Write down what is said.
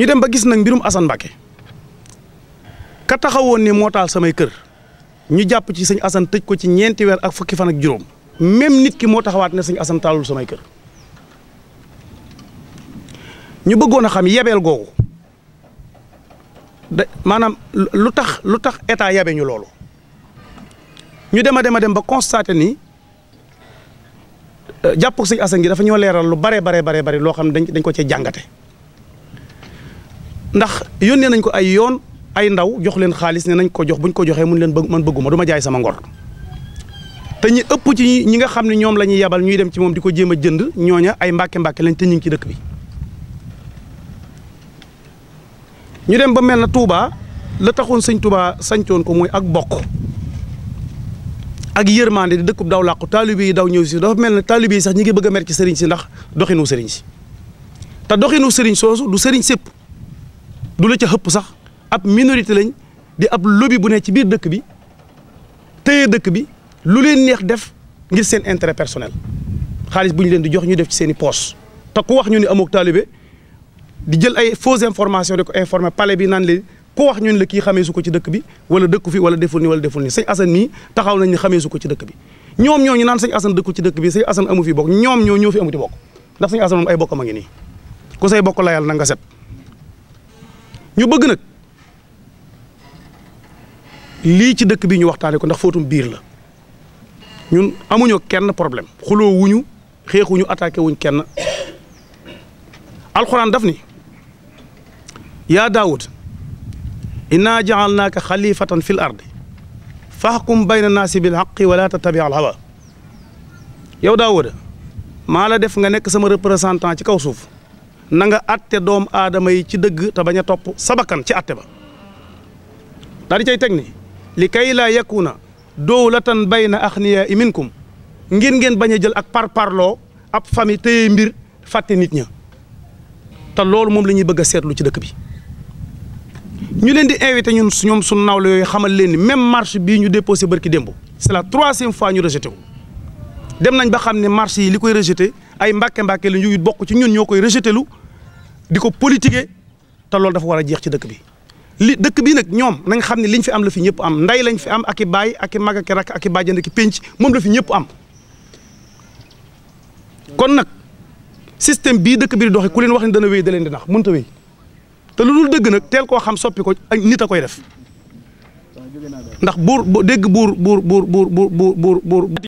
ñu dem ba gis nak mbirum Assane mbake ka taxawon ni moo taal samay keur ñu japp ci seigne Assane tejj ko ci ñenti weer ak fukki fan ak juroom même nit ki mo taxawat ne seigne Assane taalul samay keur ñu bëggona xam yebel googu manam lu tax lu tax état yabe ñu lolu ñu dem dem ba constater ni euh, japp seigne Assane gi dafa ñoo lu bare bare bare bare lo xam dañ ko ci ndax yónnee nañ ko ay yoon ay ndaw jox leen xaalis ne nañ ko jox buñ ko joxe mun leen man bëgguma duma jaay sama ngor te ñi ëpp ci ñi nga xamni ñom lañuy yabal ñuy dem ci mom di ko jënd ñoña ay mbacke mbacke lañ te ñing ci dëkk bi ñu dem ba melna Touba la taxoon seigne Touba sañcoon ko moy ak bokk ak yermande di dëkkub daw laq talibi daw ñew ci dafa melni talibi sax ñi ngi bëgg mer ci serigne si ndax doxinu serigne ci ta doxinu serigne soosu du serigne sepp du la ca xëpp sax ab minorité lañ di ab lobby bu ne ci biir dëkk bi téye dëkk bi lu leen neex def ngir seen intérêt personnel xaalis bu ñu leen di jox ñu def ci seen i poos te ku wax ñu ni amook taalibe di jël ay fausses informations di ko informer palais bi naan leen ku wax ñun la kii xamee su ko ci dëkk bi wala dëkku fi wala deful ni wala deful ni sëñ Assane mii taxaw nañ ne xamee su ko ci dëkk bi ñoom ñoo ñu naan sëñ Assane ci dëkk bi sëñ Assane amu fi bokk ñoom ñoo ñoo fi amuti bokk ndax a ngi nii ku say bokk na nga set ñu bëgg nag lii ci dëkk bi ñu waxtaane ko ndax fóotum biir la ñun amuñu kenn problème xuloo wuñu xeexuñu attaqué wuñ kenn alxuraan daf ni yaa daawud inna jaalnaaka xalifatan fi l ardi fahkum bayna naasi bil xaqi wala tattabi al hawa yow daawuda maa la def nga nekk sama représentant ci kaw suuf na nga atte dom aadama yi ci deug ta baña top sabakan ci atté ba daa di cay ni li kay la yakuna dawlatan bayna akhniya minkum ngir ngeen baña jël ak parlo ab fami téye mbir faté nit ñi ta loolu mom lañuy bëgg sétlu ci dëkk bi ñu leen di invité ñun ñom su nawlo yoy xamal leen ni même marche bi ñu déposer barki dembo c'est la troisième fois ñu rejeté dem nañ ba xam marche yi likoy rejeté ay mbacké mbacké ñu bokku ci ñun ñokoy rejeté lu di ko politiquer te loolu dafa war a jeex ci dëkk bi li dëkk bi nag ñoom nañ xam ne liñ fi am la fi ñëpp am nday lañ fi am ak i baay ak i mag ak i rakk ak i bàjjan ak i pénc moom la fi ñëpp am kon nag système bii dëkk bi di doxee ku leen wax ne dana wéy da di nax mënut a wéy te lu dul dëgg nag teel koo xam soppi ko ak nit a koy def ndax buur dégg buur buur buur buur